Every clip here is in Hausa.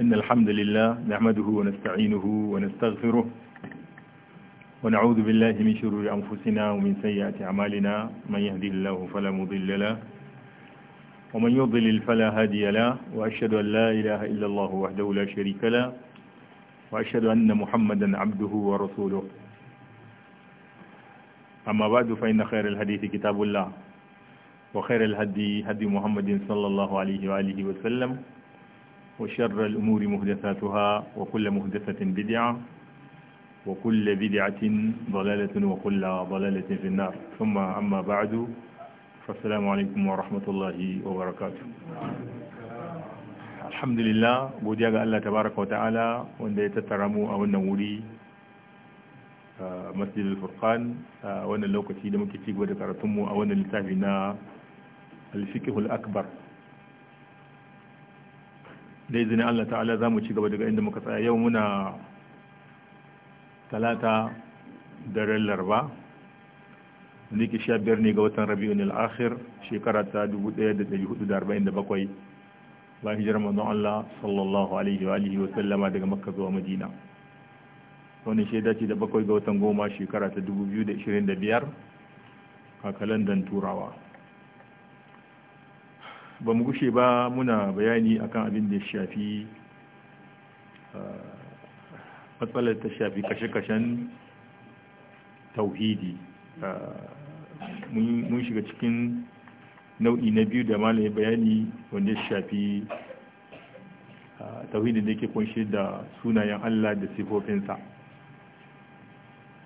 إن الحمد لله نحمده ونستعينه ونستغفره ونعوذ بالله من شرور أنفسنا ومن سيئات أعمالنا من يهدي الله فلا مضل له ومن يضلل فلا هادي له وأشهد أن لا إله إلا الله وحده لا شريك له وأشهد أن محمدا عبده ورسوله أما بعد فإن خير الحديث كتاب الله وخير الهدي هدي محمد صلى الله عليه وآله وسلم وشر الأمور مهدثاتها وكل مهدثة بدعة وكل بدعة ضلالة وكل ضلالة في النار ثم أما بعد فالسلام عليكم ورحمة الله وبركاته الحمد لله بوديا الله تبارك وتعالى وان تترمو او نوري آه، مسجد الفرقان آه، وان لو كتي دمك تيغو دكارتمو او ان الفقه الاكبر da izinin Allah ta'ala za mu ci gaba daga inda muka tsaya yau muna talata daren larba wanda ke sha biyar ne ga watan rabi'un al'akhir shekara ta 1447 bayan hijirar manzon Allah sallallahu alaihi wa alihi wa sallama daga makka zuwa madina wani shaida ce da bakwai ga watan goma shekara ta 2025 a kalandan turawa ba mu gushe ba muna bayani akan abin da shafi ah, matsalar ta shafi kashe-kashen tauhidi ah, mun shiga cikin nau'i na biyu da malaye bayani wanda ya shafi ah, tauhidi da ke kunshi da sunayen Allah da sifofinsa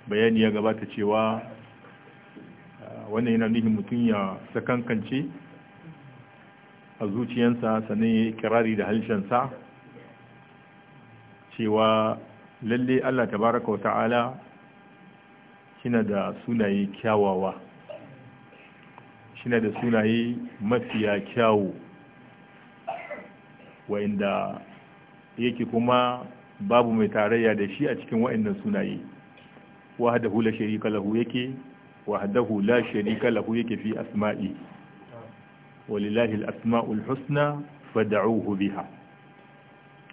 bayani ya gabata cewa wannan yana nuhin mutum ya sakankance a zuciyansa sannan ya yi kirari da halshensa cewa lalle Allah tabaraka wa ta'ala shina da sunaye kyawawa shina da sunaye mafiya kyawu wa'inda yake kuma babu mai tarayya da shi a cikin wa'inda sunaye wahdahu la sharika lahu yake wahdahu la sharika lahu yake fi asma'i walillahi al-asma'ul husna fad'uhu biha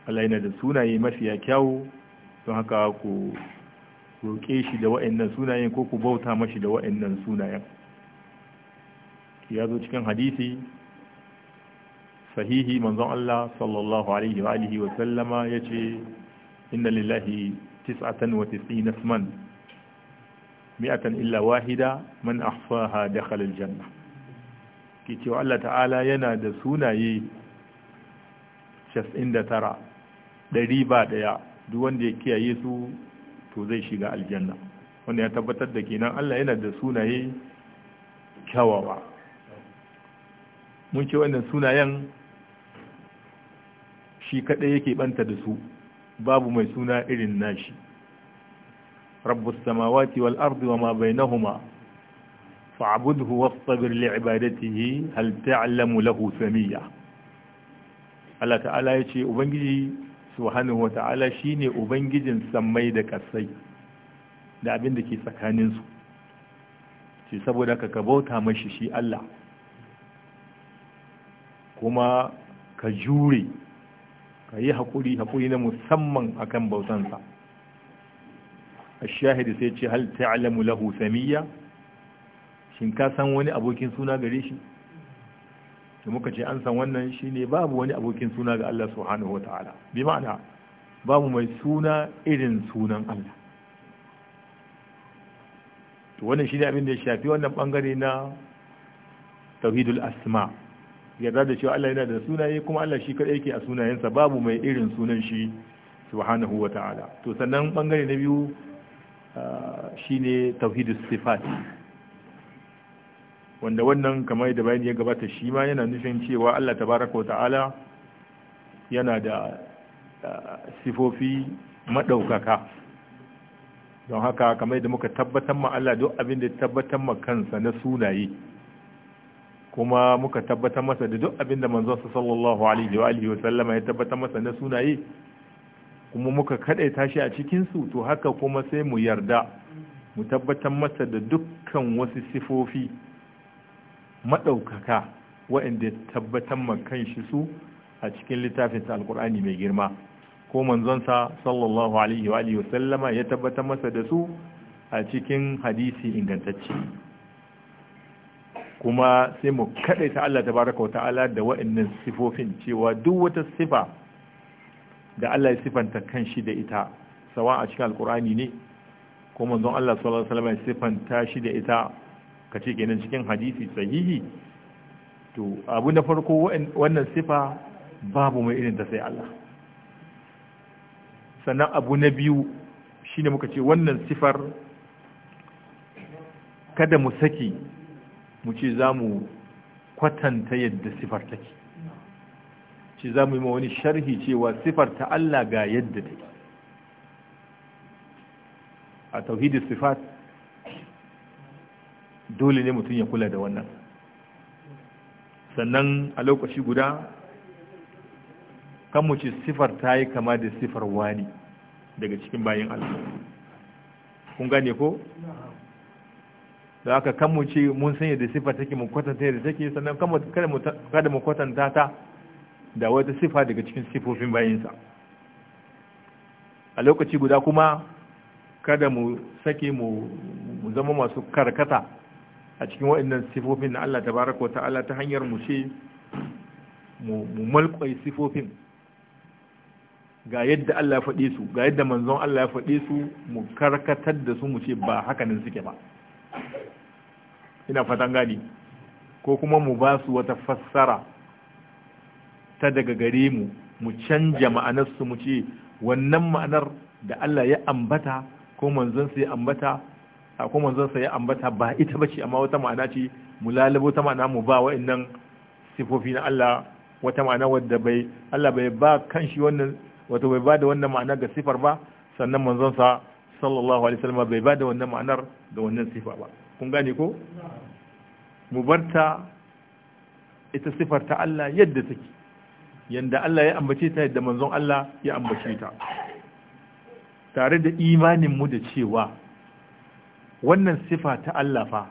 Allah yana da sunaye mafiya kyawu don haka ku roƙe shi da wa'annan sunayen ko ku bauta mashi da wa'annan sunayen ya zo cikin hadisi sahihi manzon Allah sallallahu alaihi wa wa sallama yace inna lillahi tis'atan wa tis'ina isman mi'atan illa wahida man ahsaha dakhala al-jannah ke cewa Allah ta'ala yana da sunaye 99 ɗari ba ɗaya duk wanda ya kiyaye su to zai shiga aljanna wanda ya tabbatar da kenan Allah yana da sunaye kyawawa mun ce wannan sunayen shi kaɗai yake ɓanta da su babu mai suna irin nashi rabbus samawati wal ardi wa ma bainahuma fa'budhu wastabir li'ibadatihi hal ta'lamu lahu samiyya Allah ta'ala yace ubangiji subhanahu Ta'ala shine ubangijin samai da kasai da abin da ke tsakanin su ce saboda ka ka bauta mashi shi Allah kuma ka jure ka yi hakuri, hakuri na musamman akan bautansa a sai ce hal ta'lamu lahu samiyya shin ka san wani abokin suna gare shi da muka ce an san wannan shine babu wani abokin suna ga Allah subhanahu wataala bi ma'ana babu mai suna irin sunan Allah to wannan shine abin da ya shafi wannan bangare na tauhidul asma yarda da cewa Allah yana da sunaye kuma Allah shi kadai yake a sunayensa babu mai irin sunan shi subhanahu wataala to sannan bangare na biyu ah, shine tauhidus sifati wanda wannan kamar da bayani ya gabata shi ma yana nufin cewa Allah tabaraka ta'ala yana da sifofi maɗaukaka don haka kamar da muka tabbatar ma Allah duk abin da tabbatar ma kansa na sunaye kuma muka tabbatar masa da duk abin da manzon sa sallallahu alaihi wa alihi wa sallama ya tabbatar masa na sunaye kuma muka kadai tashi a cikin su to haka kuma sai mu yarda mu tabbatar masa da dukkan wasu sifofi maɗaukaka waɗanda tabbatar ma kanshi su a cikin littafinsa alkur'ani mai girma ko manzonsa sallallahu alaihi wa alihi wasallama ya tabbatar masa da su a cikin hadisi ingantacce kuma sai mu kaɗai ta Allah tabaraka wa ta'ala da waɗannan sifofin cewa duk wata sifa da Allah ya sifanta kanshi da ita sawa a cikin alkur'ani ne ko manzon Allah sallallahu alaihi wa sallama ya sifanta shi da ita ka ce kenan cikin hadisi sahihi to abu na farko wannan sifa babu mai irin ta sai Allah sannan abu na biyu shine muka ce wannan sifar kada mu saki mu ce za mu kwatanta yadda sifar take ce za mu yi wani sharhi cewa sifar ta Allah ga yadda take a tauhidin sifat dole ne mutum ya kula da wannan sannan a lokaci guda kan mu sifar ta yi kama da sifar wani daga cikin bayan Allah kun gane ko da aka kan mu mun sanya da sifar take mu kwatanta da take sannan kada mu kwatanta ta da wata sifa daga cikin sifofin bayansa a lokaci guda kuma kada mu sake mu zama masu karkata a cikin waɗannan sifofin na Allah tabaraka wa ta'ala ta hanyar mu ce mu mulkwai sifofin ga yadda Allah ya faɗe su ga yadda manzon Allah ya faɗe su mu karkatar da su mu ce ba hakanin suke ba ina fatan gani ko kuma mu ba su wata fassara ta daga gare mu mu canja ma'anarsu mu ce wannan ma'anar da Allah ya ambata ko manzon sai ambata a kuma manzon sa ya ambata ba ita bace amma wata ma'ana ce mu lalabo ta ma'ana mu ba wa'annan sifofi na Allah wata ma'ana wadda bai Allah bai ba kanshi wannan wato bai ba da wannan ma'ana ga sifar ba sannan manzon sa sallallahu alaihi wasallam bai ba da wannan ma'anar da wannan sifa ba kun gane ko mu barta ita sifar ta Allah yadda take yanda Allah ya ambace ta yadda manzon Allah ya ambace ta tare da imanin mu da cewa wannan sifa ta Allah fa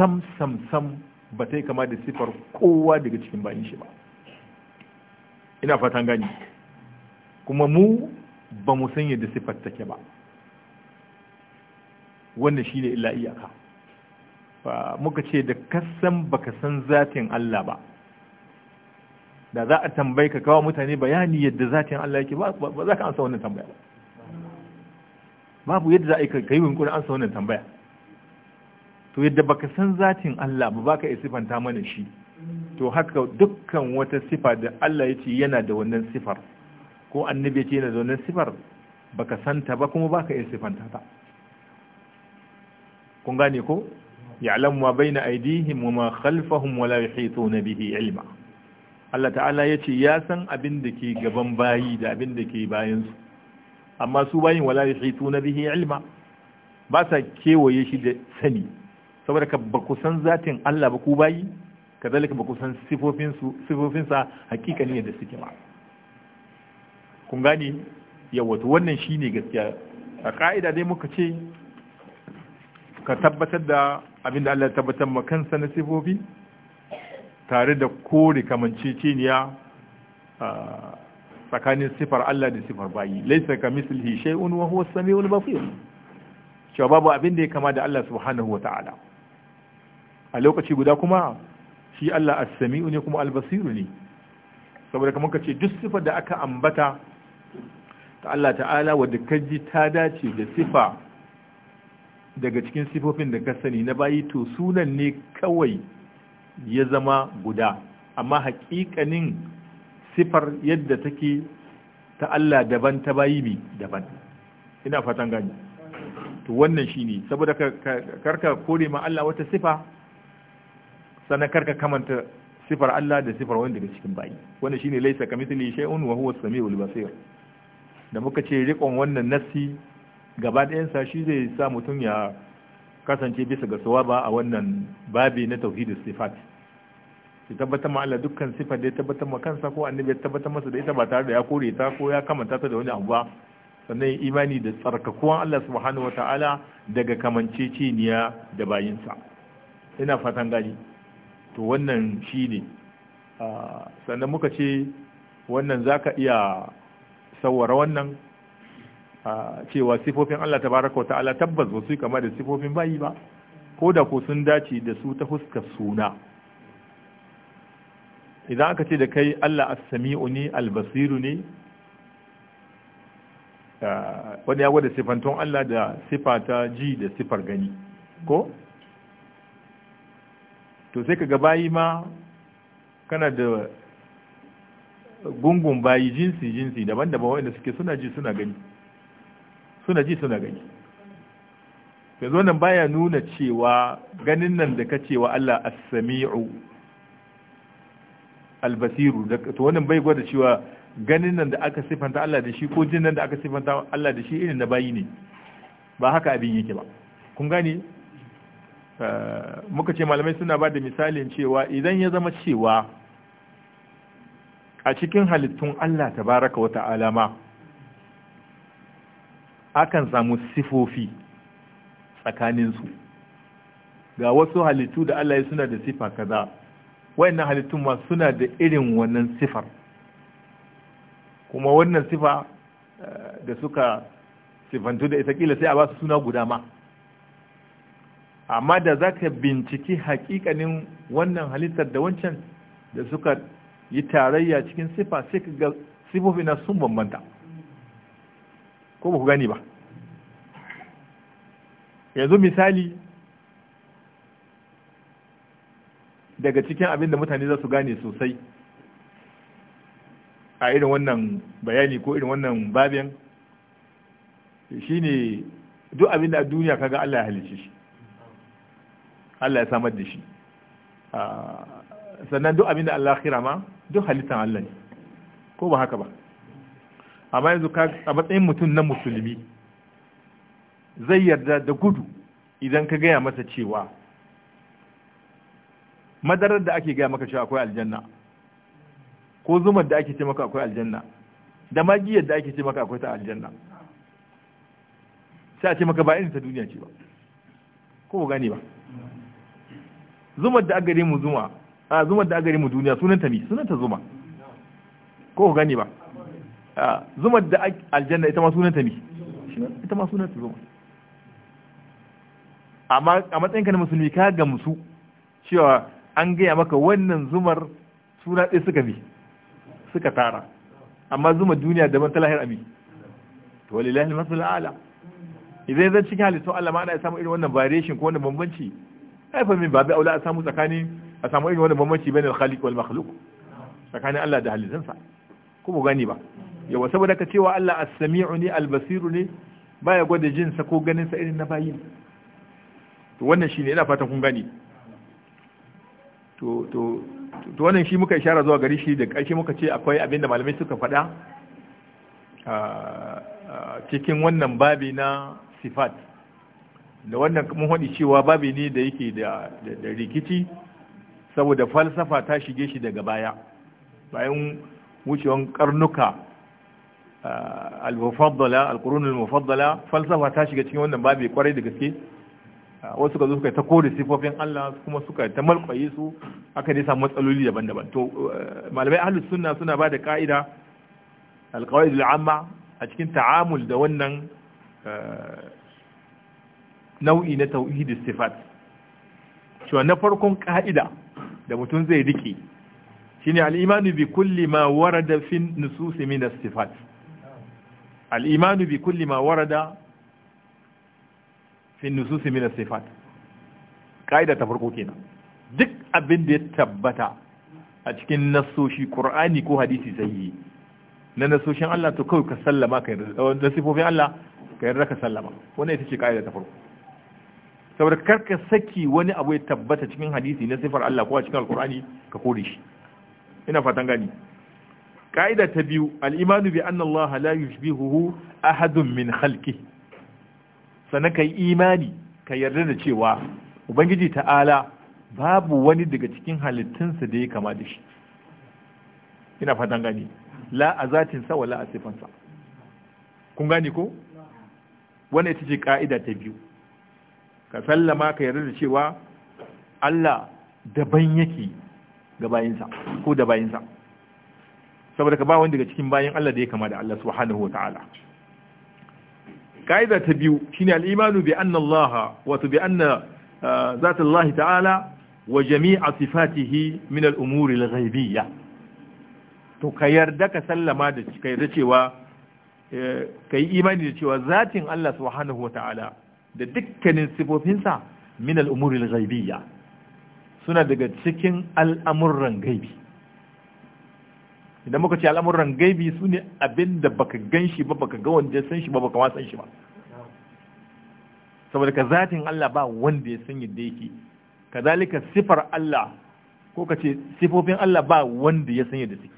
sam sam sam ba ta yi kama da sifar kowa daga cikin bayan shi ba ina fatan gani kuma mu ba mu sanya da sifar take ba wannan shi ne illa iyaka muka ce da kasan baka san zatin Allah ba da za a tambayi ka kawo mutane bayani yadda zatin Allah yake ba za ka ansa wannan tambaya ba babu yadda za a yi ka yi an ansa wannan tambaya to yadda baka san zatin Allah ba baka sifanta mana shi to haka dukkan wata sifa da Allah ya ce yana da wannan sifar ko annabi ya ce yana da wannan sifar baka santa ba kuma baka iya sifanta ta kun gane ko ya'lamu ma baina aydihim wa ma khalfahum wa la yuhituna bihi ilma Allah ta'ala ya ce ya san abin da ke gaban bayi da abin da ke bayansu amma su bayin wala na bihi ilma ba sa kewaye shi da sani saboda ka ba ku san zatin Allah ba ku bayi zalika ba ku san sifofin hakikani yadda suke ba kun gani yawa wannan wannan ne gaskiya a ka'ida dai muka ce ka tabbatar da abin da Allah tabbatar ma kansa na sifofi tare da kore kamanceceniya ah, tsakanin sifar Allah da sifar bayi laisa ka mislihi shay'un wa huwa as-sami'ul basir cewa babu abin da ya kama da Allah subhanahu wa ta'ala a lokaci guda kuma shi Allah as-sami'u ne kuma al basir ne saboda kamar ka ce duk sifar da aka ambata ta Allah ta'ala wadda ka ji ta dace da sifa daga cikin sifofin da ka sani na bayi to sunan ne kawai ya zama guda amma haƙiƙanin sifar yadda take ta Allah daban ta bayi bi daban ina fatan gani to wannan shine saboda karka kore ma Allah wata sifa sannan karka kamanta sifar Allah da sifar wanda daga cikin bayi wannan shine laysa kamithli shay'un wa huwa as-sami'ul basir da muka ce riƙon wannan nassi gaba ɗayansa shi zai sa mutum ya kasance bisa ga tsawaba a wannan babi na tauhidus sifat shi tabbatar ma Allah dukkan sifar da ya tabbatar ma kansa ko annabi ya tabbatar masa da ita ba tare da ya kore ta ko ya kamanta ta da wani abu ba sannan imani da tsarkakuwan Allah subhanahu wataala daga kamanceceniya da bayinsa ina fatan gani to wannan shi ne sannan muka ce wannan za ka iya sawara wannan cewa sifofin Allah tabaraka ta'ala tabbas ba su kama da sifofin bayi ba ko da ko sun dace da su ta fuskar suna idan aka ce da kai Allah as-sami'u ne al-basiru ne eh, wani ya gwada sifanton Allah da sifa ta ji da sifar gani ko to sai kaga bayi ma kana da gungun bayi jinsi jinsi daban-daban wanda suke suna ji suna gani suna ji suna gani yanzu wannan baya nuna cewa ganin nan da ka cewa Allah as-sami'u albasiru to wannan bai gwada cewa ganin nan da aka sifanta Allah da shi ko jin nan da aka sifanta Allah da shi irin na bayi ne ba haka abin yake ba kun gane eh, muka ce malamai suna ba da misalin cewa idan ya zama cewa a cikin halittun Allah ta baraka wata alama akan samu sifofi tsakaninsu ga wasu halittu da Allah ya suna da sifa kaza wayannan halittun ma suna da irin wannan sifar kuma wannan sifa eh, da suka sifantu da ita kila sai a ba suna guda ma amma da za ka binciki hakikanin wannan halittar da wancan da suka yi tarayya cikin sifa sai ka ga sifofi na sun bambanta ko ba ku gani ba yanzu misali daga cikin abin da mutane za su gane sosai a irin wannan bayani ko irin wannan babin ne duk abin da a duniya kaga Allah ya halice shi Allah ya samar da shi sannan duk abin da Allah kira ma duk halittan Allah ne ko ba haka ba amma yanzu a matsayin mutum na musulmi zai yarda da gudu idan ka gaya masa cewa madarar da ake gaya maka cewa akwai aljanna ko zumar da ake ce maka akwai aljanna da magiyar da ake ce maka akwai ta aljanna sai a ce maka ba irin ta duniya ce ba ko ba gane ba zumar da aka mu zuma a zumar da aka mu duniya sunan ta mi sunan ta zuma ko ba gane ba a zumar da aljanna ita ma sunan ta mi ita ma sunan ta zuma amma a matsayin ka na musulmi ka musu cewa an gaya maka wannan zumar suna ɗaya suka bi suka tara amma zuma duniya daban ta lahir abi to walilahi masul ala idan zan cikin halittu Allah ma ana ya samu irin wannan variation ko wannan bambanci ai fa min babu aula a samu tsakanin a samu irin wannan bambanci bainal khaliq wal makhluq tsakanin Allah da halittunsa ko ba gani ba yawa saboda ka cewa Allah as-sami'u ne al-basiru ne baya gwada jin sa ko ganin sa irin na bayin to wannan shine ina fatan kun gani to wannan shi muka ishara zuwa gari shi da ƙarshe muka ce akwai abin da malamai suka faɗa cikin wannan babi na sifat da wannan mun cewa babi ne da yake da rikici saboda falsafa ta shige shi daga baya bayan wucewan karnuka al-mufaddala al-qurun al-mufaddala falsafa ta shiga cikin wannan babi kwarai da gaske wasu ka zo suka ta kore sifofin Allah kuma suka ta malƙwaye su aka ne samu matsaloli daban-daban to eh, malamai ahlus sunna suna ba da ka'ida alqawaid amma a cikin ta'amul da wannan eh, nau'i na tauhidi, sifat cewa na farkon ka'ida da mutum zai rike shine al-imanu bi kulli ma warada fi nusus min as-sifat al-imanu bi kulli ma warada fi nususi min sifat kaida ta farko kenan duk abin da ya tabbata a cikin nasoshi qur'ani ko hadisi sahihi na nasoshin Allah to kawai ka sallama ka yarda da eh, sifofin Allah ka yarda ka sallama wannan ita ce kaida ta farko saboda karka saki wani abu ya tabbata cikin hadisi na sifar Allah ko a cikin alqur'ani ka kore shi ina fatan gani ka'ida ta biyu al'imanu bi anna Allah la yushbihuhu ahadun min khalqi sannan ka yi imani ka yarda da cewa ubangiji ta'ala babu wani daga cikin halittunsa da ya kama da shi ina fatan gani la a zatinsa wa la a sifansa kun gani ko wannan ita ce ka'ida ta biyu ka sallama ka yarda da cewa Allah daban yake ga bayinsa ko da bayinsa saboda ka ba wani daga cikin bayin Allah da ya kama da Allah subhanahu wa ta'ala ka'ida ta biyu shine al-imanu bi anna Allah wato bi anna uh, zat Allah ta'ala wa jami'a sifatihi min al-umuri al to ka yarda ka sallama da ka yarda cewa eh, imani da cewa zatin Allah subhanahu wa ta'ala da dukkanin sifofinsa min al-umuri suna daga cikin al'amuran gaibi idan muka ce al'amuran gaibi su ne abin da baka gan shi ba baka ga wanda san shi ba baka ma san shi ba saboda ka zatin Allah ba wanda ya san yadda yake kadalika sifar Allah ko ka ce sifofin Allah ba wanda ya san yadda suke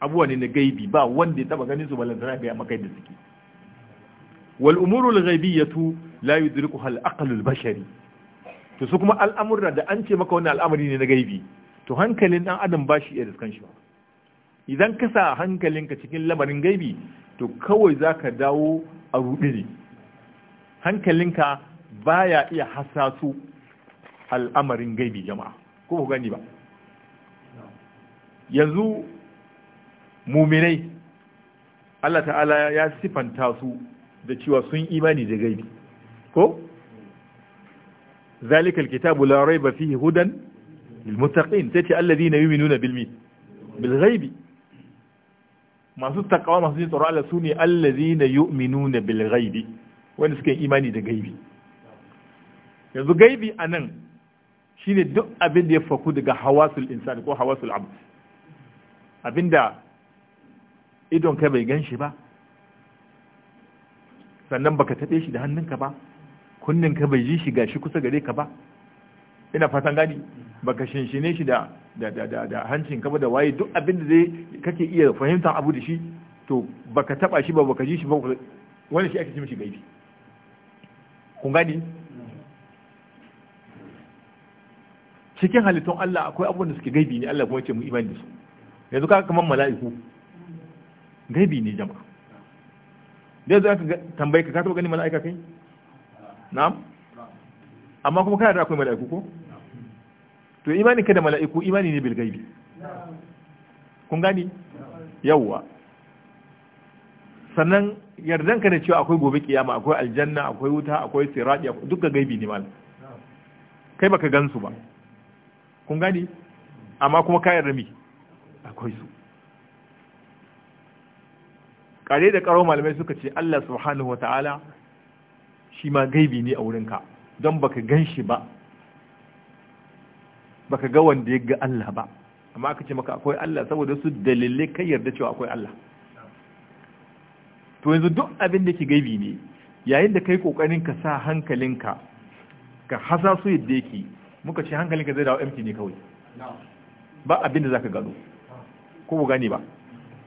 abuwa ne na gaibi ba wanda ya taba ganin su ba lantana ga maka yadda suke wal umuru al ghaibiyatu la yudrikuha al aql al bashari to su kuma al'amurra da an ce maka wannan al'amari ne na gaibi to hankalin dan adam ba shi iya riskan shi ba idan ka sa hankalinka cikin lamarin gaibi to kawai za ka dawo a ruɗe ne hankalinka baya iya hasasu al'amarin gaibi jama'a ko ku gani ba yanzu muminai Allah ta'ala ya sifanta su da cewa sun imani da gaibi ko zalikal kitabu la raiba fihi hudan lil muttaqin tace alladhina yu'minuna bil bil masu takawa masu jin tsoron Allah sune yi yu'minuna bil bilgaibi wanda suke imani da gaibi yanzu gaibi a anan shine duk abin da ya faku daga hawasul insan ko hawasul abin abinda idon ka bai shi ba sannan baka taɓe shi da hannunka ba ka bai ji shi gashi kusa gare ka ba ina fatan gani baka shinshine shi da da da da da hancin kama da waye duk abin da zai kake iya fahimtar abu da shi to baka taba shi ba baka ji shi ba wani shi ake ce mishi gaibi kun gani cikin halittun Allah akwai abubuwan da suke gaibi ne Allah kuma ya ce mu imani da su yanzu kaga kamar mala'iku gaibi ne jama'a da yanzu aka tambayi ka ka taba gani mala'ika kai na'am amma kuma kana da akwai mala'iku ko to imanin ka da mala'iku imani ne bil gaibi kun gani yawwa sannan yardan ka da cewa akwai gobe kiyama akwai aljanna akwai wuta akwai siraji duka gaibi ne mal kai baka gansu ba kun gani amma kuma ka yarda mi akwai su kare da karo malamai suka ce Allah subhanahu wa ta'ala shi ma gaibi ne a wurinka don baka gan shi ba baka ga wanda ya ga Allah ba amma aka ce maka akwai Allah saboda su dalilai kai yarda cewa akwai Allah to yanzu duk abin da ke gaibi ne yayin da kai kokarin ka sa hankalinka ka hasa su yadda yake muka ce hankalinka zai dawo empty ne kawai ba abin da zaka gano ko ku gane ba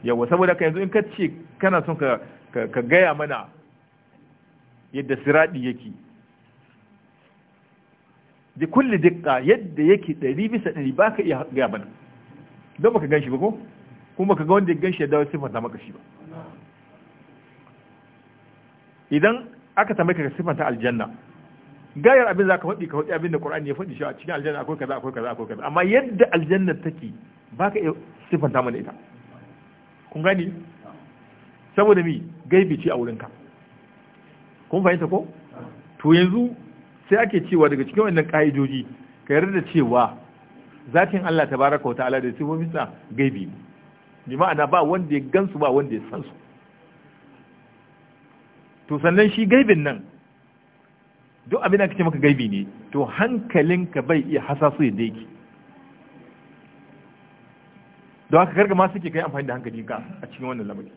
yawa saboda ka yanzu in ka ce kana son ka ka gaya mana yadda siradi yake da kulli dukka yadda yake ɗari bisa ɗari ba ka iya gaya bana don baka gan shi ba ko kuma ka ga wanda ya gan shi ya dawo siffanta maka shi ba idan aka tambaye ka sifanta aljanna gayar abin za ka faɗi ka faɗi abin da Qur'ani ya faɗi shi a cikin aljanna akwai kaza akwai kaza akwai kaza amma yadda aljanna take ba ka iya sifanta mana ita kun gani saboda mi gaibi ce a wurinka kun fahimta ko to yanzu sai ake cewa daga cikin wannan ka'idoji ka yarda da cewa zatin Allah tabaraka wa ta'ala da sifofinsa gaibi bi ma'ana ba wanda ya gansu ba wanda ya san su to sannan shi gaibin nan duk abin da kake maka gaibi ne to hankalinka bai iya hasasu yadda yake don haka karga ma suke kai amfani da hankalinka a cikin wannan lamari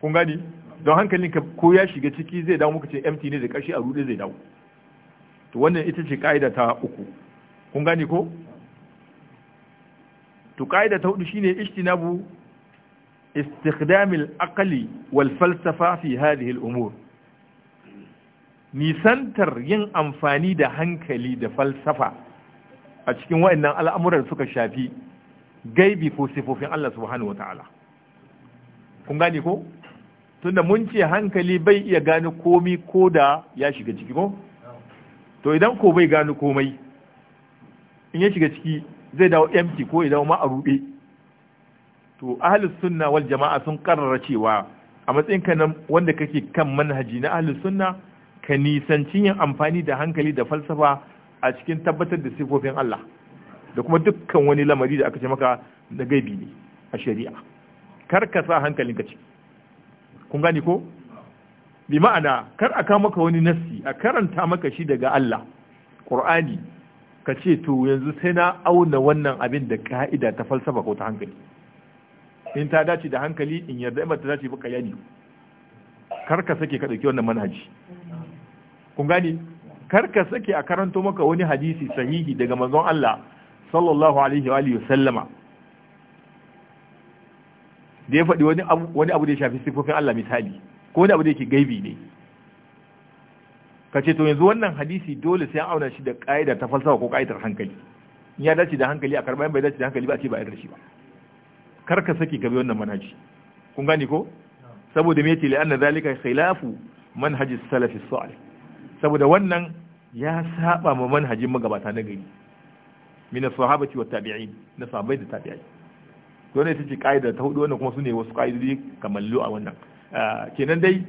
kun gani don hankalinka ko ya shiga ciki zai dawo muka ce empty ne da karshe a rude zai dawo to wannan ita ce ka'ida ta uku kun gane ko to ka'ida ta hudu shine ijtinabu istikhdamil aqli wal falsafa fi hadhihi al-umur nisantar yin amfani da hankali da falsafa a cikin wayannan al'amuran suka shafi gaibi ko sifofin Allah subhanahu Wata'ala. ta'ala. Kun gane ko? Tunda mun ce hankali bai iya gane komi ko da ya shiga ciki ko? to idan ko bai gano komai in ya shiga ciki zai dawo empty ko idan ma a rube to ahlus sunna wal jama'a sun karara cewa a matsayin ka nan wanda kake kan manhaji na ahlus sunna ka nisanci yin amfani da hankali da falsafa a cikin tabbatar da sifofin Allah da kuma dukkan wani lamari da aka ce maka da gaibi ne a shari'a kar ka sa hankalinka ciki kun gane ko bi ma'ana kar a kawo maka wani nassi a karanta maka shi daga Allah Qur'ani ka ce to yanzu sai na auna wannan abin da ka'ida ta falsafa ko ta hankali in ta dace da hankali in yarda in ta dace ba kayani kar ka sake ka dauki wannan manhaji kun gani kar ka sake a karanto maka wani hadisi sahihi daga manzon Allah sallallahu alaihi wa alihi sallama da ya faɗi wani abu da ya shafi sifofin Allah misali ko da abu da yake gaibi ne ka ce to yanzu wannan hadisi dole sai an auna shi da ka'ida ta falsafa ko ka'idar hankali in ya dace da hankali a karɓa in bai dace da hankali ba a ce ba a shi ba kar ka saki ka bi wannan manhaji kun gane ko saboda me ce anna zalika khilafu manhaji salafi salih saboda wannan ya saba ma manhajin magabata na gari min sahabati wa tabi'in na sahabbai da tabi'ai dole sai ci kaida ta hudu wannan kuma sune wasu kaidodi kamallu a wannan Ah, kenan dai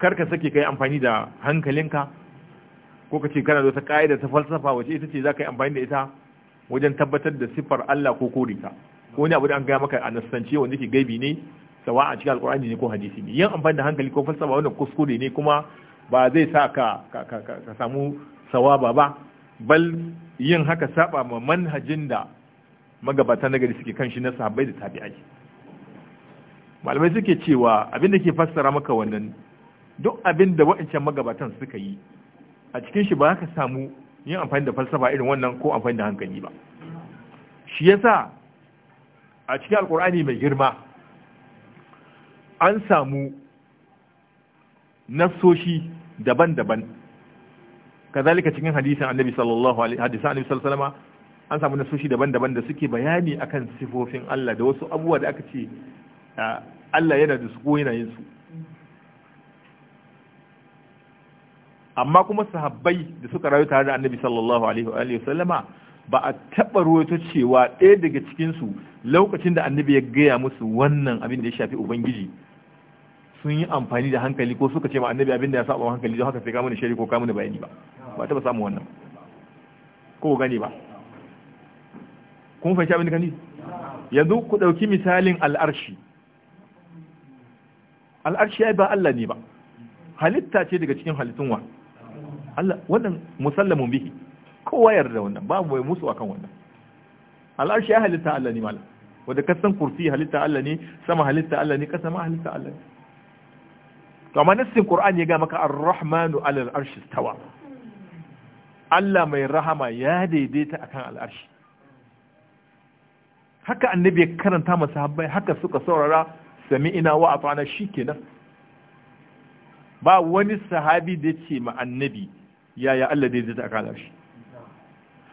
karka sake kai amfani da hankalinka ko ka ce kana da wata ka'ida ta falsafa wace ita ce za ka yi amfani da ita wajen tabbatar da siffar Allah ko korika ko wani abu da an gaya maka a nasance wanda ke gaibi ne sawa a cikin alkur'ani ne ko hadisi ne yin amfani da hankali ko falsafa wannan kuskure ne kuma ba zai sa ka ka samu sawaba ba bal yin haka saba ma manhajin da magabata nagari suke kan shi na sahabbai da tabi'ai malamai suke cewa abin da ke fassara maka wannan duk abin da wa'ancan magabatan suka yi a cikin shi ba ka samu yin amfani da falsafa irin wannan ko amfani da hankali ba shi yasa a cikin alkur'ani mai girma an samu nasoshi daban-daban kazalika cikin hadisin annabi sallallahu alaihi hadisan annabi sallallahu an samu nasoshi daban-daban da suke bayani akan sifofin Allah da wasu abubuwa da aka ce Allah yana da su ko yana yin su amma kuma sahabbai da suka rayu tare da annabi sallallahu alaihi wa sallama ba a taɓa ruwaito cewa ɗaya daga cikinsu lokacin da annabi ya gaya musu wannan abin da ya shafi ubangiji sun yi amfani da hankali ko suka ce ma annabi abin da ya saba hankali don haka sai mun shari ko mun bayani ba ba taɓa samun wannan ko gane ba kun fahimci abin da kani yanzu ku ɗauki misalin al'arshi al'arshi ya ba Allah ne ba halitta ce daga cikin halittun wa Allah wannan musallamun bihi kowa yarda wannan babu mai musu akan wannan al'arshi ya halitta Allah ne mala, wanda kasan kursi halitta Allah ne sama halitta Allah ne kasa ma halitta Allah ne to amma nassin Qur'ani ya ga maka ar-rahmanu 'ala al-arshi istawa Allah mai rahama ya daidaita akan al'arshi haka annabi ya karanta masa habbai haka suka saurara sami'ina wa shi kenan ba wani sahabi da ce ma annabi yaya Allah da zata akala shi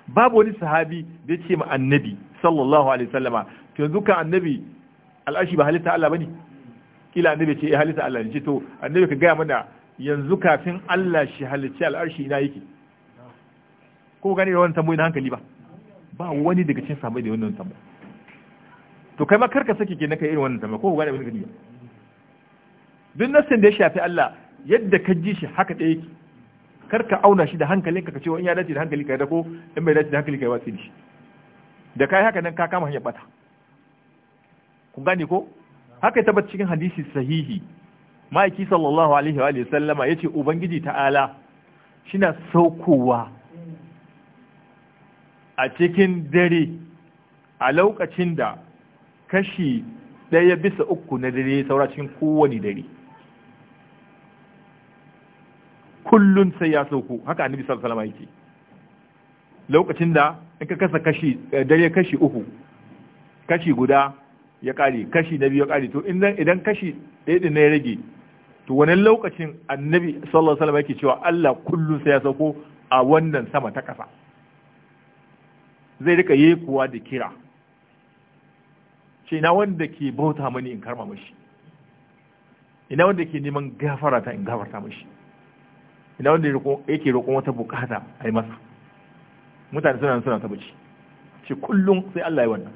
babu wani sahabi da ce ma annabi sallallahu alaihi wasallama to yanzu kan annabi al'ashi ba halitta Allah ba bane kila annabi ce ya eh, halitta Allah ne ce to annabi ka gaya mana yanzu kafin Allah shi halicci al'arshi ina yake ko gane da wannan na hankali ba ba wani daga cikin sabai da wani tambayoyi to kai ma karka saki ke kai irin wannan tambaya ko gane abin gani duk nassin da ya shafi Allah yadda ka ji shi haka ɗaya yake karka auna shi da hankalinka ka cewa in ya dace da hankali ka dako in bai dace da hankali ka watsi da shi da kai haka nan ka kama hanyar bata Ku gane ko haka ya tabbata cikin hadisi sahihi ma'aiki sallallahu alaihi wa sallama ce ubangiji ta'ala shina saukowa a cikin dare a lokacin da kashi ɗaya bisa uku na dare saura cikin kowane dare kullun sai ya sauko haka annabi sallallahu alaihi wasallam yake lokacin da in ka kasa kashi eh, dare kashi uku kashi guda ya kare kashi na biyu ya kare to idan kashi ɗaya din ya rage to wani lokacin annabi sallallahu alaihi wasallam yake cewa Allah kullun sai ya sauko a wannan sama ta kasa zai rika yekuwa da kira ce ina wanda ke bauta mani in karma mashi ina wanda ke neman gafara ta in gafarta mashi ina wanda yake roƙon wata bukata a yi masa mutane suna suna ta bace ce kullum sai Allah ya wannan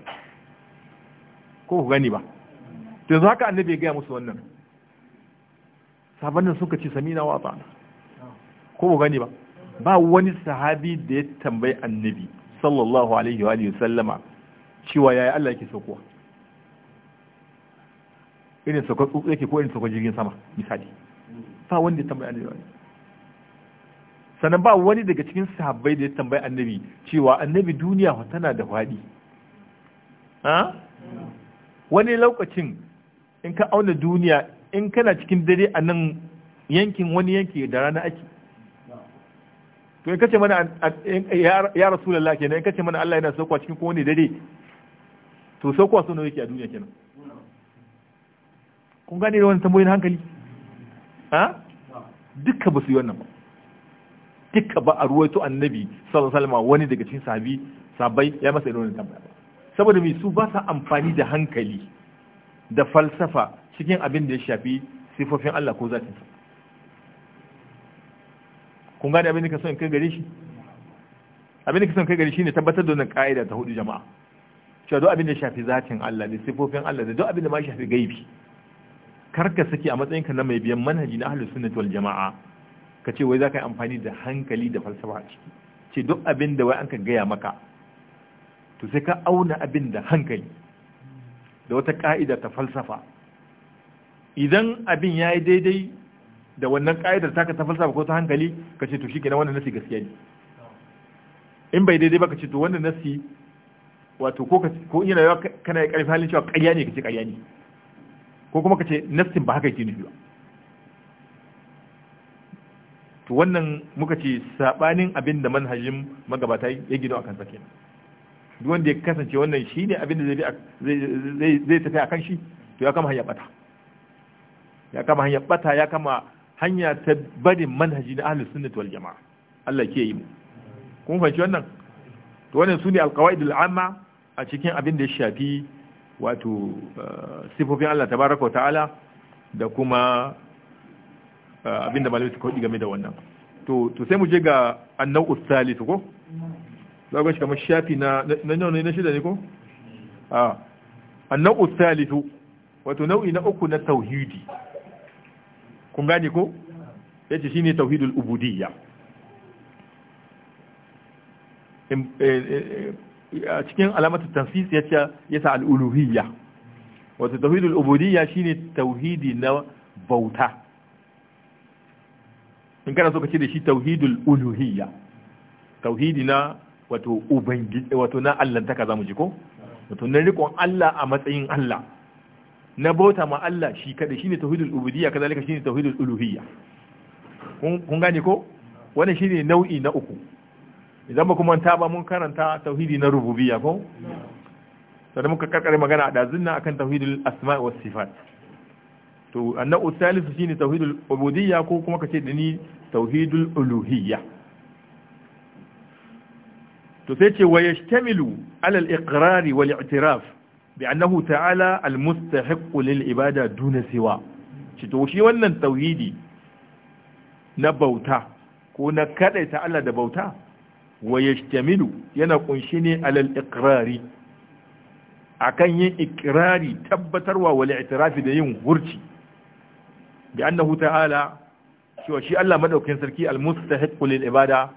ko ku gani ba yanzu haka annabi ya gaya musu wannan sabannin suka ce samina wa ta ko ku gani ba ba wani sahabi da ya tambayi annabi sallallahu alaihi wa sallama cewa yayi Allah yake saukowa irin saukar tsutsu yake ko irin saukar jirgin sama misali ba wanda ya tambaya annabi sannan ba wani daga cikin sahabbai da ya tambaya annabi cewa annabi duniya tana da faɗi wani lokacin in ka auna duniya in kana cikin dare a nan yankin wani yanki da rana ake to in kace mana ya rasulullahi kenan in kace mana Allah yana saukowa cikin kowane dare to saukowa sunan yake a duniya kenan kun gane da wani tambayoyin hankali ha dukka ba su yi wannan ba dukka ba a ruwaito annabi sallallahu alaihi wasallam wani daga cikin sahabi sabai ya masa irin wannan tambaya ba saboda mai su ba sa amfani da hankali da falsafa cikin abin da ya shafi sifofin Allah ko zatin sa kun gane abin da ka so in kai gare shi abin da ka so in kai gare shi ne tabbatar da wannan ka'ida ta hudu jama'a cewa duk abin da ya shafi zatin Allah da sifofin Allah da duk abin da ma shafi gaibi karka sake a matsayin ka na mai biyan manhaji na ahlus sunnah wal jama'a ka ce wai zaka yi amfani da hankali da falsafa a ciki ce duk abin da wai an ka gaya maka to sai ka auna abin da hankali da wata ka'ida ta falsafa idan abin ya yi daidai da wannan ka'idar taka ta falsafa ko ta hankali ka ce to shi kenan wannan nasi gaskiya ne in bai daidai ba ka ce to wannan nasi wato ko yana kana ya karfi halin cewa ƙarya ne ka ce ƙarya ne ko kuma ka ce nassin ba haka yake nufi ba to wannan muka ce sabanin abin da manhajin magabata ya gido akan sa kenan duk wanda ya kasance wannan shine abin da zai zai tafi akan shi to ya kama hanya bata ya kama hanya bata ya kama hanya ta barin manhaji na ahlus sunnah wal jamaa Allah ke yi mu kun fahimci wannan to wannan sune alqawaidul amma a cikin abin da ya shafi wato eh, sifofin Allah tabaraka wa ta'ala da kuma eh, abinda malamai suka game da wannan to to sai mu je ga annau salis ko za ku kamar shafi na na ne na shida ne ko a annau salis wato nau'i na uku na tauhidi kun gane ko yace shine tauhidul ubudiyya eh, a cikin alamatar tafis ya ce ya sa al'uluhiyya wato tauhidul ubudiyya shine tauhidi na bauta in kana so ka ce da shi tauhidul uluhiyya tauhidi na wato ubangiji wato na allantaka zamu ji ko wato na rikon Allah a matsayin Allah na bauta ma Allah shi kada shine tauhidul ubudiyya shi shine tauhidul uluhiyya kun gane ko wannan shine nau'i na uku idan ba kuma ta ba mun karanta tauhidi na rububiyya ko sannan muka karkare magana a dazinna akan tauhidul asma'i was sifat to annabu salisu shine tauhidul ubudiyya ko kuma kace da ni tauhidul uluhiyya to sai ce wa yashtamilu ala al-iqrari wal i'tiraf bi annahu ta'ala al-mustahiq lil ibada duna siwa shi to shi wannan tauhidi na bauta ko na kadaita Allah da bauta wa yashtamilu yana kunshi ne alal iqrari akan yin iqrari tabbatarwa wal i'tirafi da yin hurci bi annahu ta'ala cewa shi Allah madaukakin sarki al-mustahiq lil ibada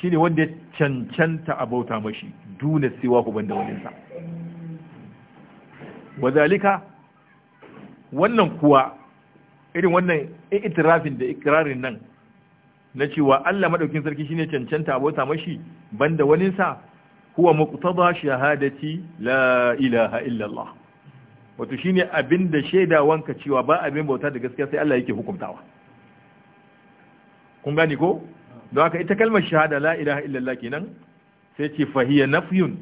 shine wanda cancanta abauta mashi duna siwa ku banda wani sa wadalika wannan kuwa irin wannan itirafin da ikirarin nan na cewa Allah maɗaukin sarki shine cancanta abota mashi banda wani sa huwa muqtada shahadati la ilaha illa Allah wato shine abinda shaidawanka cewa ba abin bauta da gaskiya sai Allah yake hukuntawa kun gane ko don haka ita kalmar shahada la ilaha illallah kenan sai ce fahiya nafyun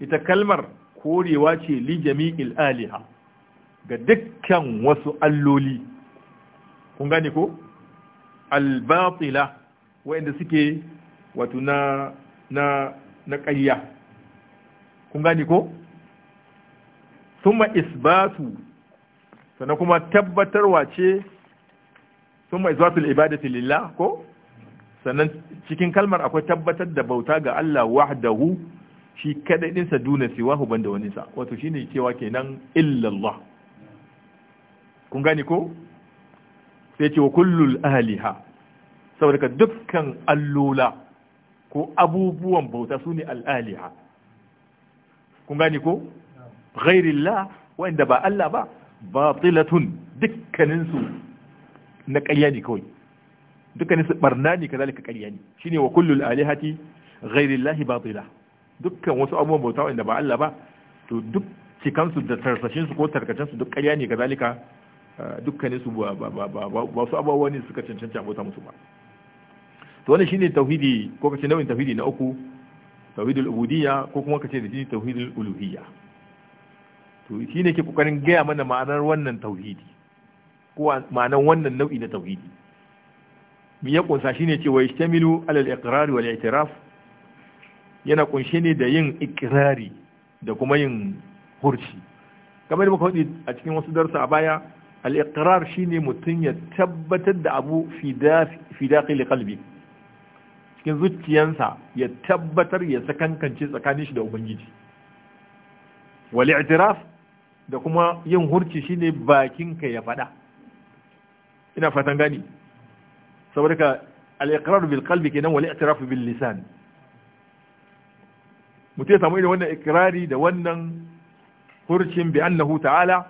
ita kalmar korewa ce li jami'il aliha ga dukkan wasu alloli kun gane ko albatila wa'inda suke wato na na na ƙayya kun gani ko Suma isbatu sannan kuma tabbatarwa ce summa isbatul ibadati lillah ko sannan cikin kalmar akwai tabbatar da bauta ga Allah wahdahu shi kadai dinsa duna siwahu banda wani sa wato shine cewa kenan illallah kun gani ko sai ce wa kullul ahliha saboda ka dukkan allola ko abubuwan bauta su ne al'aliha kun gani ko la wanda ba Allah ba ba tilatun dukkaninsu na ƙarya ne kawai dukkaninsu barna ne zalika ƙarya ne shine wa kullul alihati ghairillahi tila dukkan wasu abubuwan bauta wanda ba Allah ba to duk cikansu da tarsashinsu ko tarkacensu duk ƙarya ne zalika dukkanin su ba su abubuwa ne suka cancanci abota musu ba to wannan shine tauhidi ko kace nau'in tauhidi na uku tauhidul ubudiyya ko kuma kace da shi tauhidul uluhiyya to shine ke kokarin gaya mana ma'anar wannan tauhidi ko ma'anar wannan nau'i na tauhidi mi ya kunsa shine cewa yashtamilu alal iqrar wal i'tiraf yana kunshe ne da yin ikrari da kuma yin hurci kamar da muka faɗi a cikin wasu darsa a baya al'iƙirar shi ne mutum ya tabbatar da abu fi daƙili kalbi cikin zuciyansa ya tabbatar ya sakankance tsakanin shi da ubangiji wali itiraf da kuma yin hurci shi ne bakinka ya faɗa ina fatan gani saboda ka al'iƙirar bil kalbi kenan wali itiraf bil lisan mutum ya samu irin wannan ikirari da wannan hurcin bi annahu ta'ala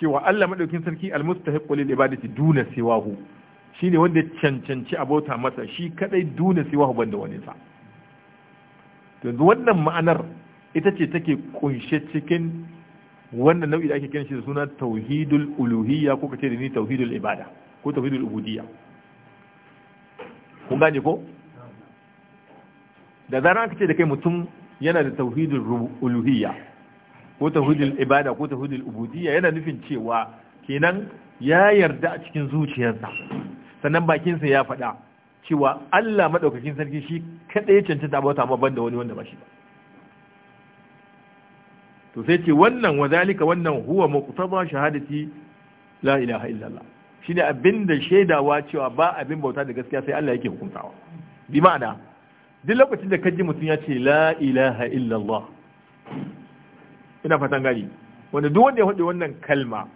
cewa Allah madaukin sarki almustahiqu lil ibadati duna siwahu shine wanda cancanci abota masa shi kadai duna siwahu banda wani sa yanzu wannan ma'anar ita ce take kunshe cikin wannan nau'i da ake kiran shi da suna tauhidul uluhiyya ko kace da ni tauhidul ibada ko tauhidul ubudiyya kun gane ko da zaran aka ce da kai mutum yana da tauhidul uluhiyya ko tauhidul ibada ko tauhidul ubudiyya yana nufin cewa kenan ya yarda a cikin zuciyarsa sannan bakinsa ya faɗa cewa Allah madaukakin sarki shi kadai ya cancanta bauta amma banda wani wanda ba shi ba to sai ce wannan wa zalika wannan huwa muqtaba shahadati la ilaha illallah shine abinda shaidawa cewa ba abin bauta da gaskiya sai Allah yake hukuntawa bi ma'ana duk lokacin da kaji mutum ya ce la ilaha illallah ina fatan gani wanda duk wanda ya faɗi wannan kalma